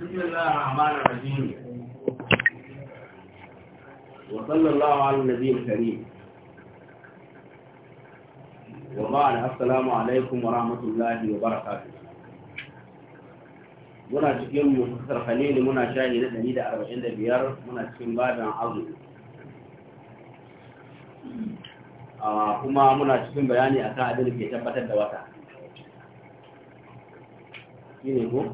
بسم الله الرحمن الرحيم وصلى الله على النبي الكريم وبعد السلام عليكم ورحمة الله وبركاته muna cikin mutasar halili muna shahi na 145 muna cikin babin azumi ah, kuma muna cikin bayani akan abin da ke tabbatar da wata shi ne ko?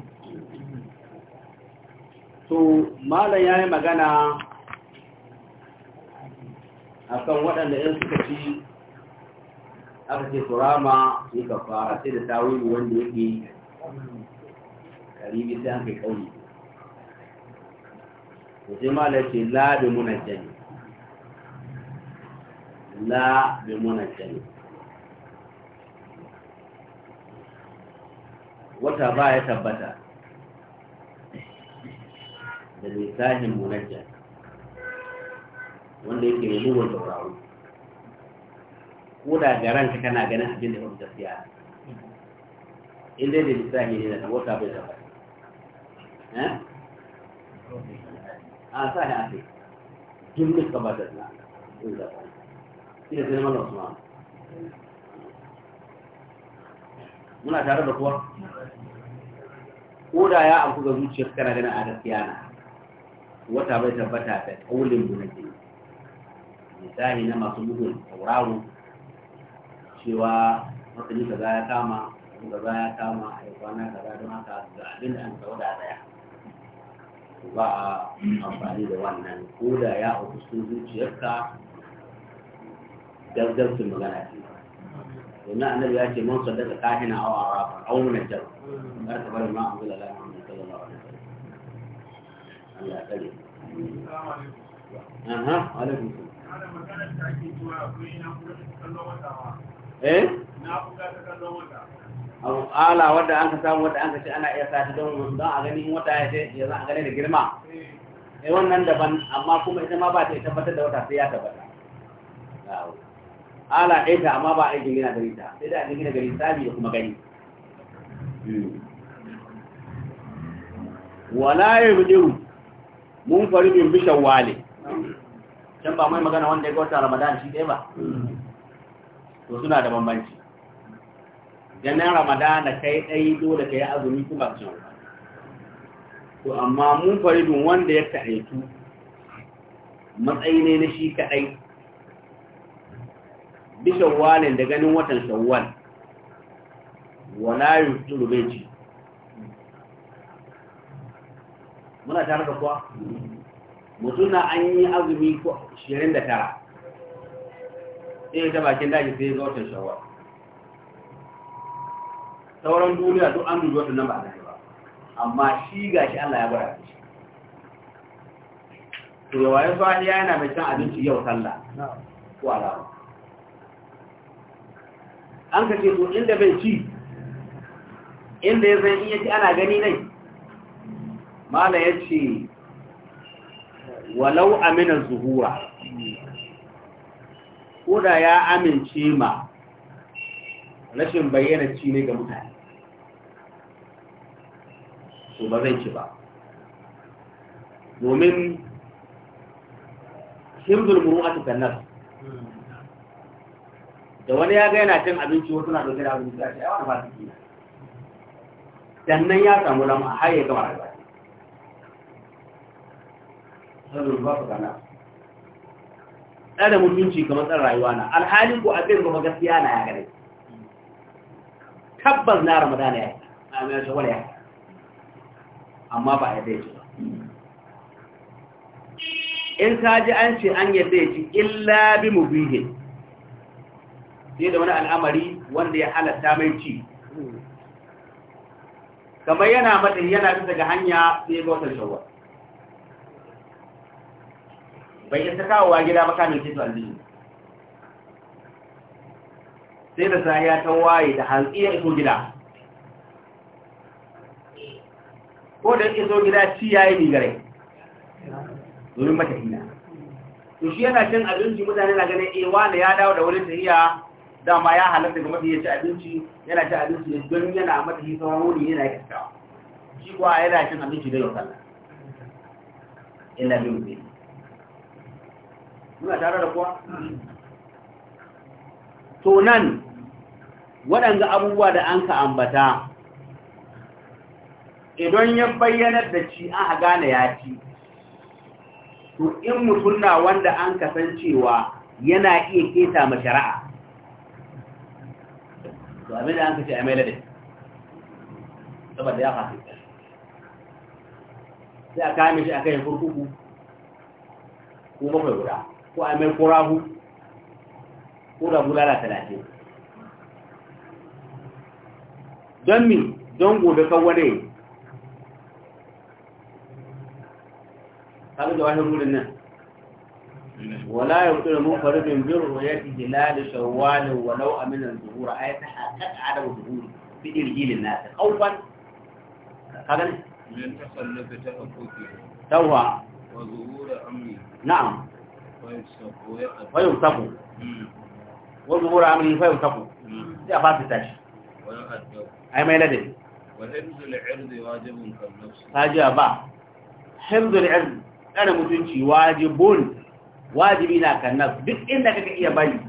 to malam ya yi magana a kan waɗanda ‘yan suka ci aka ce turama su ka fara sai da tawilu wanda yake karibi sai an kai ƙauni da sai malam ce la bi munajjani la bi munajjani wata ba ya tabbata da lisanin munajja, wanda yake yi mugun sauraro ko da ga ranka kana ganin abin da wata siya in dai da lisani ne da wata bai da bai eh? a sa ya ce jimmin ka ba da na in da ba ina sai mana usman muna tare da kuwa ko da ya amfu ga zuciyar kana ganin a gaskiya na wata bai tabbata da kaulin gunaki misali na masu bugun tauraro cewa watanni kaza ya kama kaza ya kama a yi kwana kaza don haka ga abin da an tsawo da daya ba a amfani da wannan ko da ya auku sun zuciyarka gaggab magana ce domin annabi ya ce mun sadaka kahina aw a aw min al-jannah kar ka bari ma na la Allah kare aha alaikum eh abu ala wadda an ka samu wadda an ka ce ana iya sati don don a ganin wata ya ce ya a gane da girma eh. eh wannan daban amma kuma ita ma ba ta tabbatar da wata sai ya tabbata ala ɗaya ta amma ba a yi gina gari ta sai da a gina gari sami da kuma gani hmm. wala ya bujiru mun faridin bi shawwali can ba mai magana wanda ya ga wata ramadan shi ɗaya ba to suna da bambanci ganin ramadan da kai ɗai dole ka yi azumi kuma can, to amma mun faridin wanda ya ta'aitu matsayi ne na shi kaɗai bi shawwalin da ganin watan shawwal wala yutulu bai ci muna tare da kuwa mutum na an yi azumi ko shirin da tara sai ta bakin daji sai ga watan shawar sauran duniya duk an dubi watan nan ba a ba amma shi ga shi Allah ya bara shi to yawa ya zuwa ya yana mai cin abinci yau sallah ko alama? an ka ce to inda bai ci inda ya zai iya ci ana gani nai mala ya ce walau amina zuhura ko da ya amince ma rashin bayyana ci ne ga mutane to ba zai ci ba domin himdul tukar nan da wani ya ga yana cin abinci wasu na ɗauke da abinci a ce ai wani fasiki ne sannan ya samu lamu a har gama rayuwa tsare mutunci kamar tsar rayuwa na alhalin ko abin kuma gaskiya na ya tabbas na ramadana ya yi a shawar ya amma ba ya dai ba in ka ji an ce an yi zai ci illa bi mubihin sai da wani al'amari wanda ya halatta mai ci kamar yana matsayi yana bisa ga hanya sai ga wata shawar bai isa kawowa gida ba kamin ce aljihu sai da sahiya ta waye da hantsi ya iso gida ko da iso gida ci ya yi gare domin matafiya hina to shi yana cin abinci mutane na ganin eh wanda ya dawo da wurin tahiya dama ya halatta ga mafi ya ci abinci yana ci abinci ne don yana mata hi sauran wuri yana yi kaskawa shi kuwa yana cin abinci da yau sallah biyu biyu muna tare da kuwa to nan waɗanda abubuwa da an ka ambata idan ya bayyanar da ci an gane ya ci to in mutum wanda an kasancewa yana iya keta ma shari'a to abin da an kace a maila da saboda ya fasu sai a kame shi a kai kurkuku ko bakwai guda ko قراه mai kurahu ko دمي bulala talatin يقول mi don gobe kan wani abin ولا منفرد برؤية شوال ولو أمن الظهور أي تحقق عدم الظهور في إرجيل الناس خوفا هذا من تخلف تأفكه توها وظهور أمي نعم fayin sako wani mura amini fayin sako sai a fasi tashi ai mai ladin tajiya ba himzul irzi tsara mutunci wajibun wajibi na kannas duk inda kaka iya bayi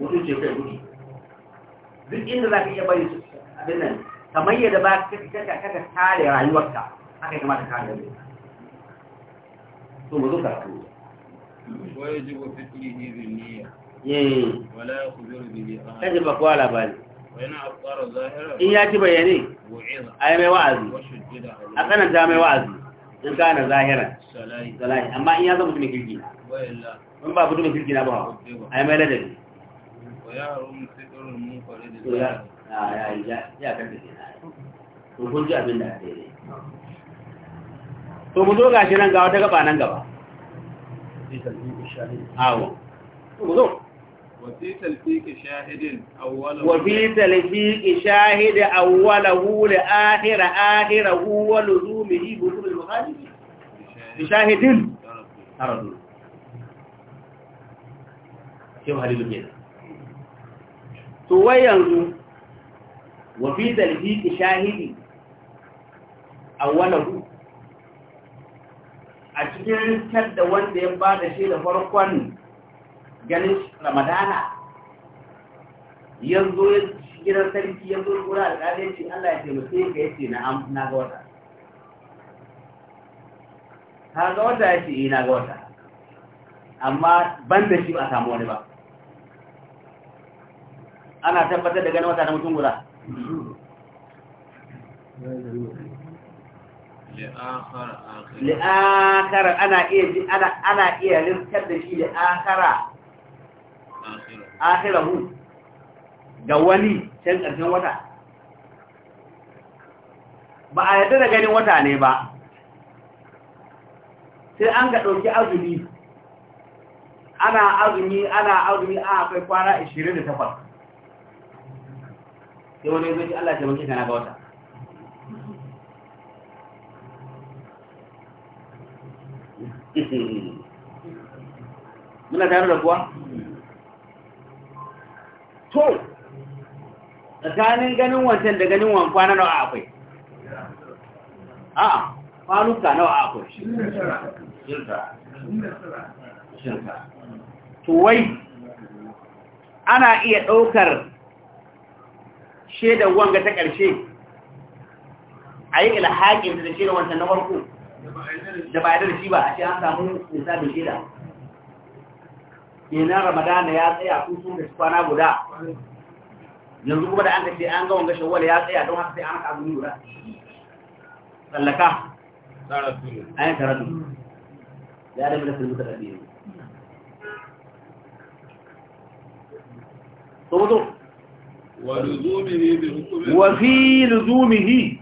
mutunci kai gudu duk inda za ka iya bari abin nan kamar yadda ba kaka tare rayuwarka haka kamata kare rayuwarka to mu zo karatu ويجب فعله بالنية ولا in ya ci bayane a yi mai wa'azi a tsananta mai wa'azi in kana zahiran amma in ya zama mutumin kirki in ba mutumin kirki na ba a yi mai ladabi to kun ji abin da ya daidai to mu zo gashi nan gawa ta gaba nan gaba في تلفيق الشاهد أو آه. انظر وفي تلفيق شاهد أوله وفي تلفيق شاهد أوله لآخر آخره ولزومه بلوغ المخالف بشاهد وفي شو هل كده to wai yanzu wa fi zalfi a cikin rikar da wanda ya ba da shi da farkon ganin ramadana yanzu ya gidan sarki yanzu kura da ƙarfi Allah ya taimake ka yace na na ga wata ka ga wata yi eh, na ga wata amma ban da shi ba a samu wani ba ana tabbatar da ganin wata na mutum guda li'akara ana iya ji ana iya riskar da shi li'akara akirahu ga wani can ƙarshen wata ba a yadda da ganin wata ne ba sai an ga ɗauki azumi ana azumi ana azumi a akwai kwana 28 sai wani zai Allah ta mace kana ga wata muna tare da kuwa to tsakanin ganin wancan da ganin wankwa na nawa akwai a kwanuka nawa akwai shirka shirka to wai ana iya ɗaukar shaidar wanga ta ƙarshe a yi ilhaƙin da shaidar wancan na farko da ba da shi ba a ce an samu misalin shida kenan ramadana ya tsaya kusur da shi kwana guda yanzu kuma da an tafi an gawon gashin wale ya tsaya don haka sai an kazu guda tsallaka an yi karatu ya da mina sirbuta da biyu so mutu wa luzumihi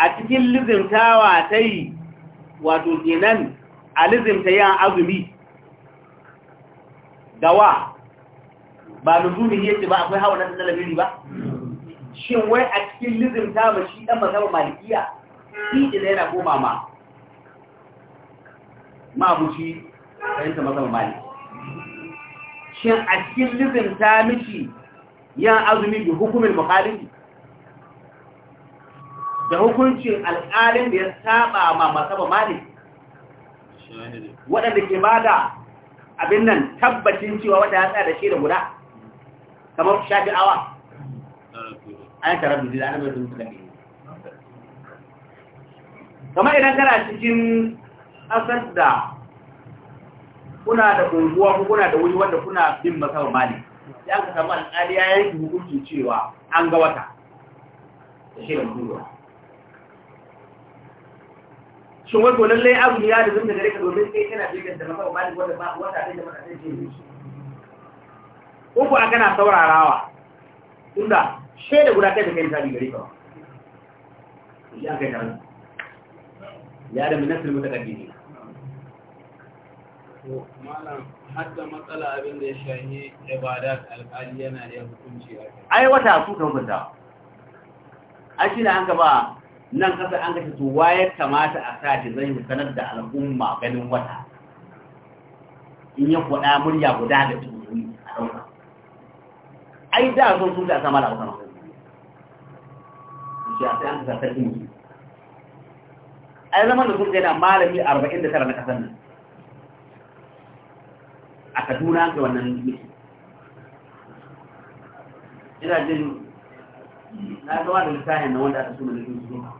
a cikin lizimtawa ta yi wato kenan a lizimta yin azumi wa ba nuzumi ce ba akwai hawa na talabiri ba shin wai a cikin lizimta ba shi ɗan mazaba malikiya shi ina yana koma ma mabuci fahimta mazaba malikiya shin a cikin lizimta miki yin azumi bi hukumin mukhalifi da hukuncin alƙalin da ya saba ma masaba mali, waɗanda ke ba da abin nan tabbacin cewa wanda ya tsaya da shi da guda kamar shafi awa an tara da ana mai zuwa da kamar idan kana cikin asar da kuna da unguwa ko kuna da wuri wanda kuna bin masaba mali, ya an ka samu alƙali ya yanki hukuncin cewa an ga wata da shi da mutuwa shin ko gonan lai abu ya da zunta gare ka domin kai kana jirgin da masa ba wanda ba wata dai da mata sai ce uku a kana saurarawa tunda da guda kai da kai misali gare ka ba ya kai nan ya da minasir mutakaddimi malam hadda matsala abin da ya shahi ibadat alƙali yana iya hukunci a kai ai wata su kan gunta ai shi ne an gaba nan kasa an kashe to waye kamata a sati shi zai sanar da al'umma ganin wata in ya kuɗa murya guda da tuni a ɗauka ai da sun sun da sama da wata masu shi a sai an kasa sarki musu ai zaman da sun kai da malami arba'in da tara na kasan nan a kaduna ga wannan miki ina jin na zama da littafin na wanda aka suna da su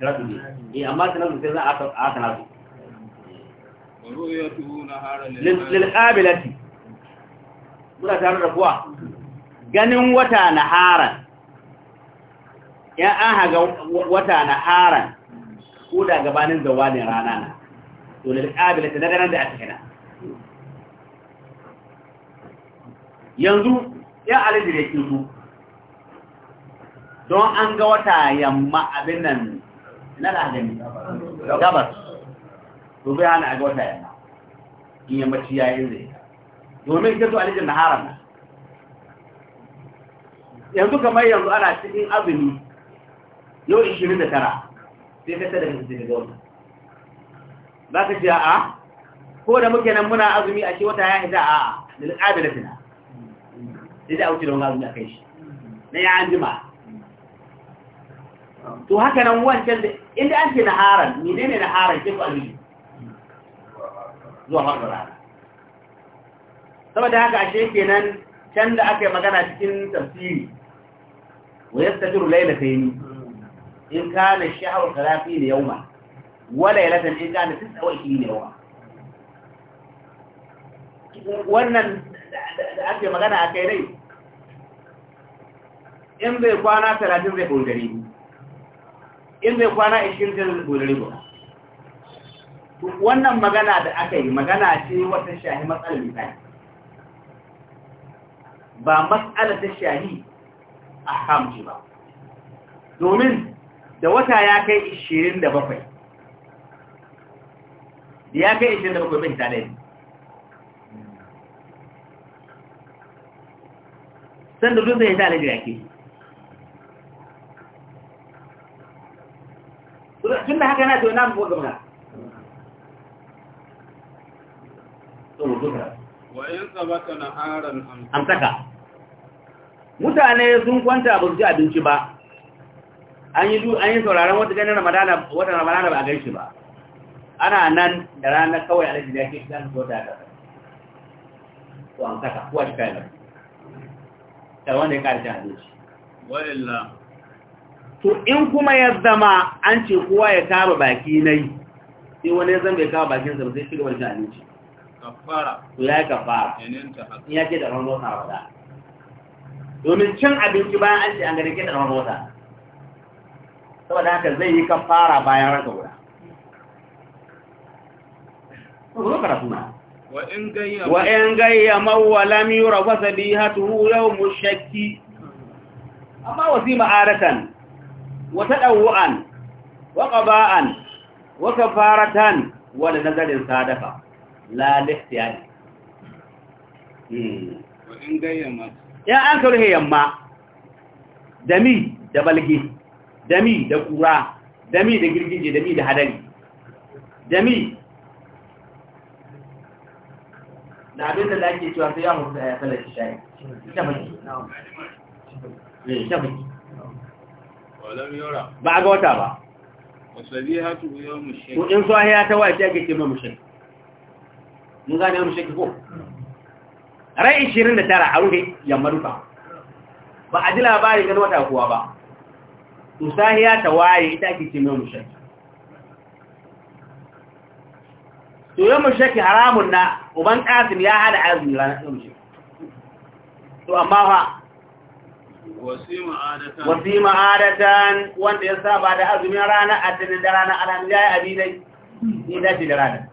karatu ne eh amma kana sai za a kana su lilqabilati muna tare da kuwa ganin wata na haran ya an haga wata na haran ko da gabanin zawalin rana na to lilqabilati na ganin da a cikin yanzu ya alidi da kisu don an ga wata yamma abin nan na da gani gabas to bai hana a ga wata yamma in yammaci ya yi zai domin kirto alijin na haram yanzu kamar yanzu ana cikin abin yau 29 sai ka da ka ga wata za ka ce a'a ko da muke nan muna azumi a ce wata ya hita a'a da fina sai da wuce da wani azumi a kai shi na ya an jima to haka nan wancan da inda an ce naharan ne ne naharan ke ku alwili zuwa faɗin rana saboda haka ashe kenan can da aka yi magana cikin tafsiri wa yasta jiru laila ta yi in ka na shahar karafi ne yau ma wala yalatan in ka na tisa wa ne yau wannan da ake magana a kai rai in bai kwana talatin zai ni. in zai kwana a cikin zai gobe ba wannan magana da aka yi magana ce wata shahi matsalar misali ba matsalar ta shahi a hamji ba domin da wata ya kai 27 da ya kai 27 bai tare ne sanda duk zai tare da yake kana da nan ko gwamna to duka wa amsaka mutane sun kwanta ba su ci abinci ba an yi an yi sauraron wata ganin ramadana wata ramadana ba a gaishe ba ana nan da rana kawai a rajin da yake shiga ko ta ko to amsaka kuwa shi kayan ta wanda ya kare a abinci wa to in kuma ya zama an ce kowa ya kama baki na yi sai wani ya zama ya kama bakin sa sai shiga wajen abinci kafara to ya yi kafara in ya ce da ran wata wata domin cin abinci bayan an ce an gari ke da ran wata saboda haka zai yi kafara bayan raka guda wa in gayya mawalam yura yau yawm shakki amma wasima adatan وتدوعا وقباء وكفارة ولنزل صادفة لا لاختيار وإن قيمت يا أنكر هي يما دمي دبلغي دمي دكورا دمي دجرجي دمي دهدلي دمي da abin da ake cewa sai ya mutu a yasalar shi shayi. Shafaki. Shafaki. ba a ga wata ba in so ya ta wace ake ce ma mushrik mun gane wa mushrik ko rai 29 a wuri yamma duka ba a ji labari gan wata kuwa ba to sahiya ta waye ita ake ce ma mushrik to yau mushrik haramun na uban ƙasim ya hada azumi ranar mushrik to amma fa وسيم عادة وسيم عادة وانت يصاب على أزمي رانا أتن درانا على مجاية أبيلي إذا درانا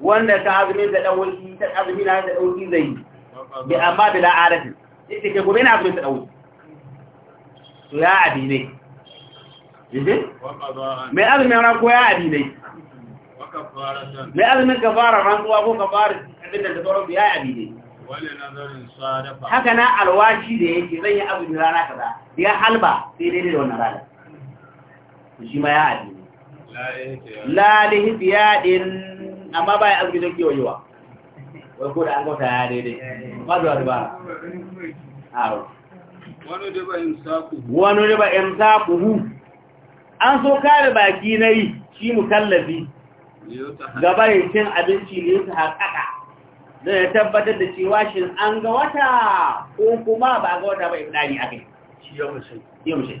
وانت أزمي تأول تأزمي نارا تأول إذي بأما بلا عادة إذا كبين أزمي تأول يا أبيلي إذن ما أزمي رانا كوي أبيلي وكفارة ما أزمي كفارة رانا كوي كفارة عندنا تدورو بيا أبيلي haka na alwashi da yake zan yi azumi rana kaza ya halba sai daidai da wannan rana shi ma ya adi la lihtiyadin amma ba ya azumi don kiwo yiwa wai ko da an gauta ya daidai ba zuwa da ba wani riba hu an so kare baki na yi shi mu tallafi gaba cin abinci ne su haƙaƙa ya tabbatar da cewa shi an ga wata ko kuma ba ga wata ba ibnani a kai shi yau mushai yau mushai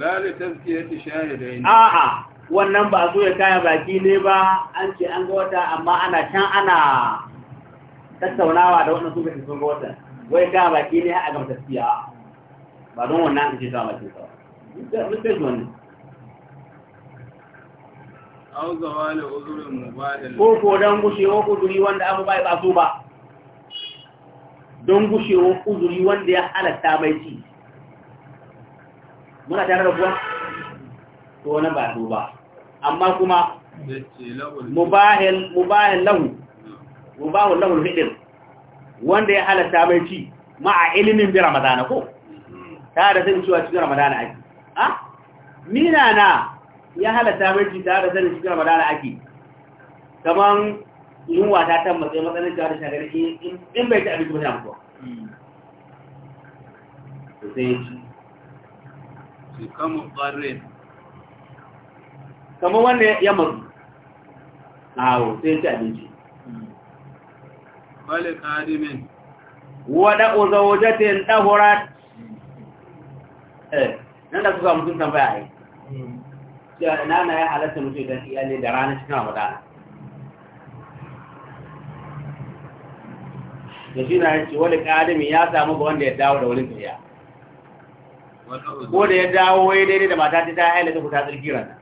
lalle tazkiyati shahidain a'a wannan ba zo ya kaya baki ne ba an ce an ga wata amma ana can ana tattaunawa da wannan su ga ga wata wai kaya baki ne a ga tafiya ba don wannan an ce ta mace ba mun sai wannan ko ko don gushewa uzuri wanda abu bai ba su ba don gushewa uzuri wanda ya halatta mai ci muna tare da kuwa to wani ba so ba amma kuma mubahin lahu mubahin lahu hidin wanda ya halatta mai ci ma'a ilimin bi ramadana ko mm-hmm. ta da sai cewa cikin ramadana ake ni ah? na na ya halatta mai tare da sanin shiga madara ake kaman yunwa ta tan matsayi matsayin shiga da shagari in bai ci abinci mutane mutuwa to sai ya shi su kama ƙwarin kamar wanda ya mazu awo sai ya ci abinci wale ƙadimin wada uzawajatin ɗahurat eh nan da suka mutum tambaya ne da na ya halatta mutu idan ne da rana cikin ramadana da shi na yin ce wani kadami ya samu ga wanda ya dawo da wani tsaye ko da ya dawo wai daidai da mata ta yi haila kuta tsirki ran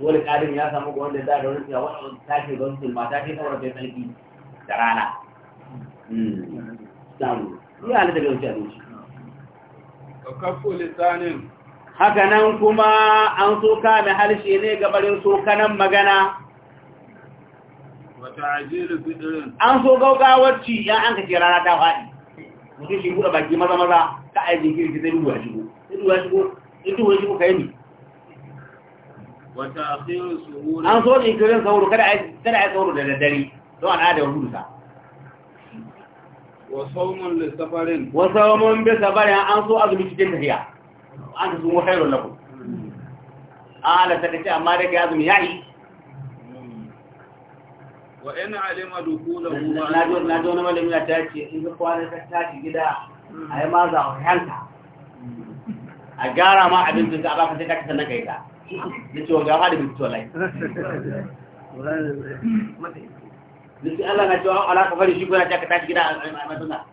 wani kadami ya samu ga wanda ya dawo da wani tsaye wani abu ta ce ga wurin mata ta yi saura da tsarki da rana samu hmm. ya halatta ga wuce abinci kafu lisanin haka nan kuma an soka mai harshe ne gabarin sokanan magana an so gaugawarci ya an kake rana ta faɗi mutum shi buɗe baki maza maza ta aiki girki zai duwa shigo duwa shigo ka yi ne an so ne jinkirin sauro kada a yi sauro da daddare don an adawar wasu wasaumun bi safarin an so azumi cikin tafiya an su mu khairun lakum ala ta ce amma daga ya zumi yayi wa in alima dukulahu ma na jo na jo na malami na ta ce in ka kwana ka tashi gida ai ma za a yanka a gara ma abin da za a baka ta ka tsana kai ta. da ce ga hadi bi to lai Nisi Allah na cewa ala kafari shi kuna ta ka tashi gida a mai suna.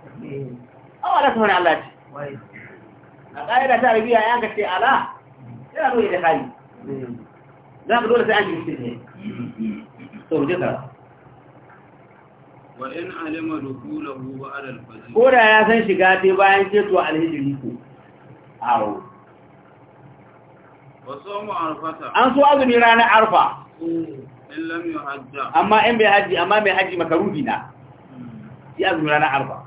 Awa ala kafari Allah ce. a ƙa'ida ta arabiya ya gace ala yana nuna da hali za ka dole sai an jirgin ne sau duka wa'in alima da kula adal fajir ko da ya san shiga te bayan ceto alhijiri ko awo an so azumi ranar arfa amma in bai hajji amma mai hajji makaruhi na ya azumi ranar arfa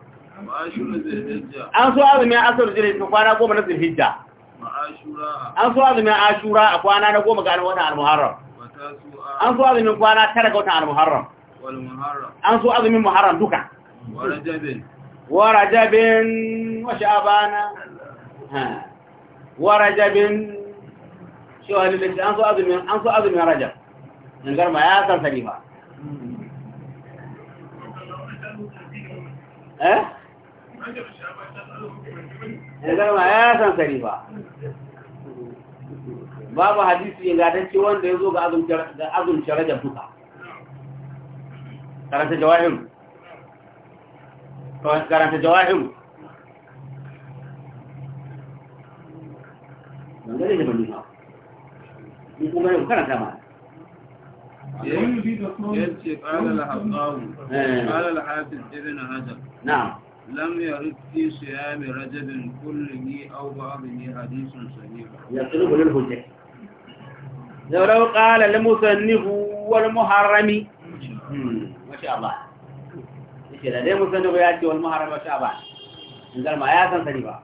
an so azumin asar jire su kwana goma na zulhijja an so azumin ashura a kwana na goma ga watan al-muharram an so azumin kwana tara ga watan al-muharram an so azumin muharram duka wa rajabin wa sha'bana wa rajabin shawali da an so azumin an so azumin rajab in garma ya san sarifa eh ya zama ya san sani ba babu hadisi ingantacce wanda ya zo ga azumce rajab duka karanta jawahiru karanta jawahiru dangane da bani ba in kuma yau karanta ma yace qala al-hasan qala al-hasan ibn hajar na'am لم يرد في صيام رجب كله أو بعضه حديث صحيح يطلب للهجة لو قال المصنف والمحرم ما شاء الله ايش ده المصنف مصنف ياتي والمحرم ما شاء الله انزل ما يا سن سني ba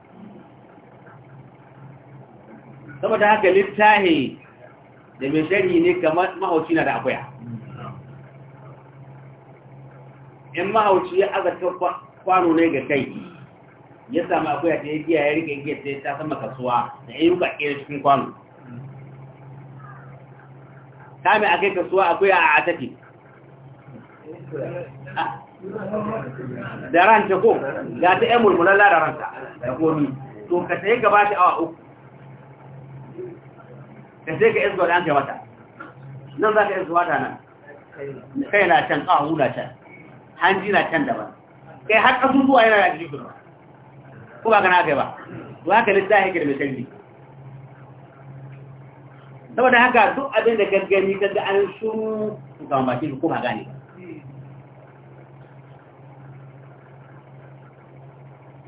saboda haka littahi da mai shari ne kamar mahauci na da akwaya in mahauci ya azarta kwano ne ga kai ya samu akwai ta yi giya ya rike gina sai ta sama kasuwa da ya yi ruka ƙera cikin kwano ta mai akai kasuwa akwai a atake da ranta ko ga ta yan mulmulalla da ranta da komi to ka sai gaba shi awa uku ka sai ka isba da an kai wata nan za ka isba ta nan kai na can ƙahu na can hanji na can daban kai har zuwa yana da jikin ko ba ka kai ba ba haka littafi ya da mai canji saboda haka duk abin da gaggani ga an shuru su kama baki su kuma gane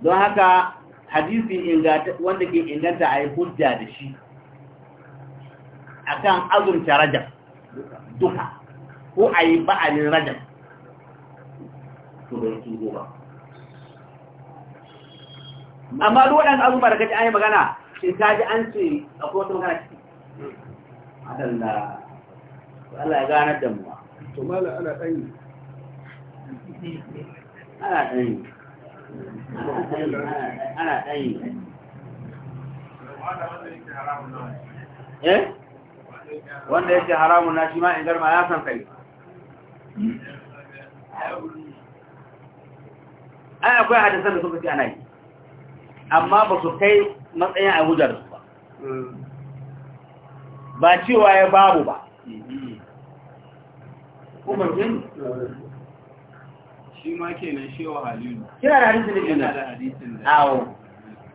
don haka hadisi wanda ke inganta a yi hujja da shi a kan azurta rajab duka ko a yi ba'alin rajab to bai ba hmm. amma duk waɗanda abubuwa da kaji an yi magana shi ta ji an ce a wata magana ciki adalla Allah ya ganar da muwa to mala ana ɗanyi ana ɗanyi ana ɗanyi eh wanda yake haramun na shi ma in garma ya san kai hmm. ai akwai hadisan da suka ce ana yi amma ba su kai matsayin a hujjar su ba ba cewa ya babu ba kuma shi ma shewa halilu da ne da da awo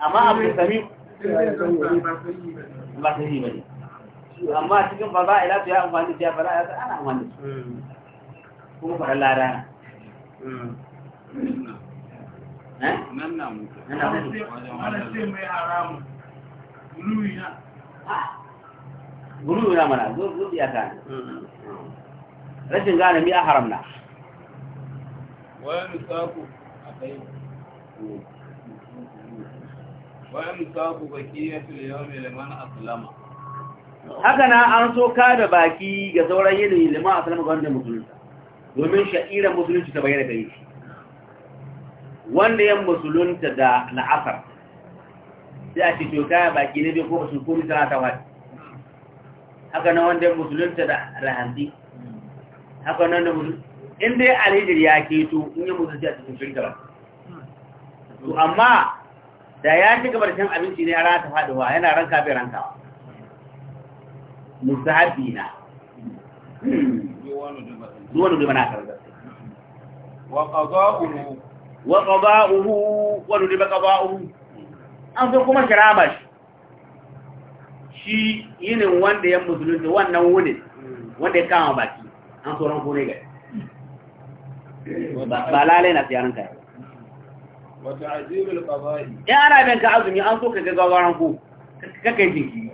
amma abu sami ba su yi ba ne amma cikin ba za a ya amfani da ya fara ya ana amfani hmm. kuma fara lara hmm. Eh? nan mana zuɗi a kan rashin gane mi a haramna wani saku a kai wani saku baki ya fi yau mai liman asulama haka na an so ka da baki ga sauran yanayi liman asulama ga wanda musulunta domin sha'irar musulunci ta bayyana ta shi wanda yan musulunta da la'asar sai a cikin to kaya baki ne bai ko su kuri tana ta wani haka nan wanda yan musulunta da rahanzi haka nan da musulunta inda ya alijir ya keto in yi musulunta a cikin shirka ba to amma da ya ci gabar shan abinci ne a rana ta faɗuwa yana ranka bai ranka musahabi na zuwa nuna mana karbar wa ƙaza'ulu wa qada'uhu wa nudiba qada'uhu an so kuma shiraba shi Shi yinin wanda ya musulunci wannan wunin wanda ya kama baki an so ran kone gari ba lalai na siyarin kai wata azimul qada'i ya ana bin ka azumi an so ka ga gawaran ko, ka kai jinki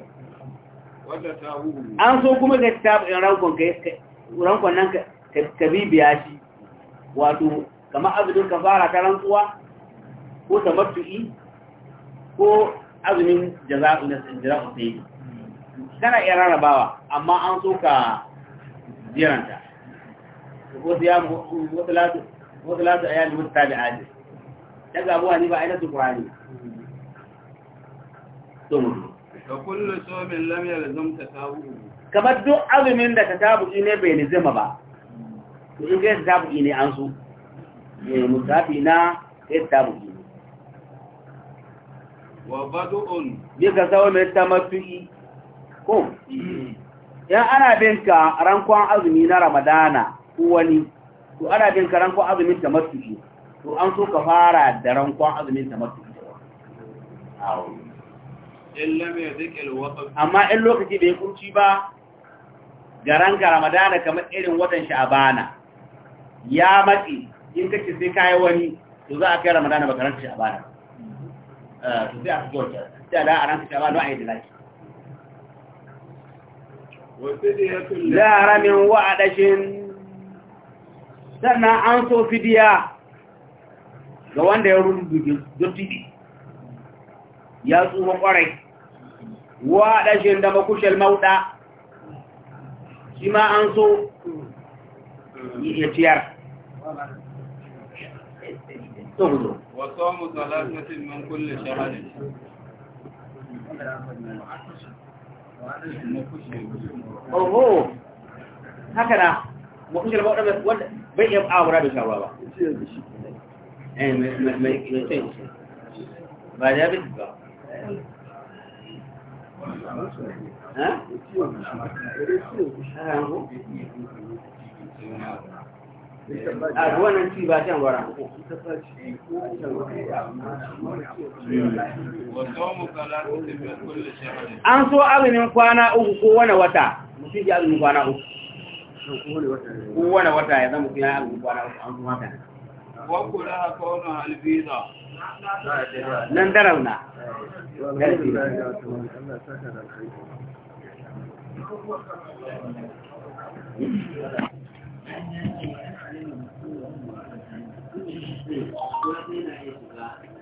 wata tahuhu an so kuma ga tabin rankon kai rankon nan ka bibiya shi wato kama azumin kafara ta rantsuwa ko tamattu'i ko azumin jaza'u na jaza'u sai kana iya rarrabawa amma an so ka jiranta ko su ya mutalatu ta ayali mutabi'ati daga abuwa ni ba aina su qur'ani to mu ka kullu sawmin lam yalzam tatabu kamar duk azumin da tabu ne bai nizama ba to in ga tabu ne an so Eh, musafi na ita mutu wa badu'un bi ka sawo mai tamattu'i ko yan ana binka rankon azumi na ramadana ko wani to ana binka rankon azumin ta tamattu'i to an so ka fara da rankon azumin ta tamattu'i amma in lokaci bai kunci ba ga ranka ramadana kamar irin watan sha'abana ya matsi in ka ce sai kayi wani to za a kai ramadana ba karanta shi a bana eh, to sai a fi kyau kyau sai da a ranta shi a bana a yi da laki la haramin wa'adashin sannan an so fidiya ga wanda ya rudu dutse ya tsuma kwarai Wa'adashin da makushel mauɗa shi ma an so ya ciyar تغدو وصوم ثلاثة من كل شهر oho haka na mutum da waɗanda wanda bai iya awura da shawa ba eh mai cin ba diabetes ba ha? a wannan ci ba an so azumin kwana uku ko wani wata ji azumin kwana uku ko wani wata ya zama kwana uku an so wakula a albiza nan darauna Thank you.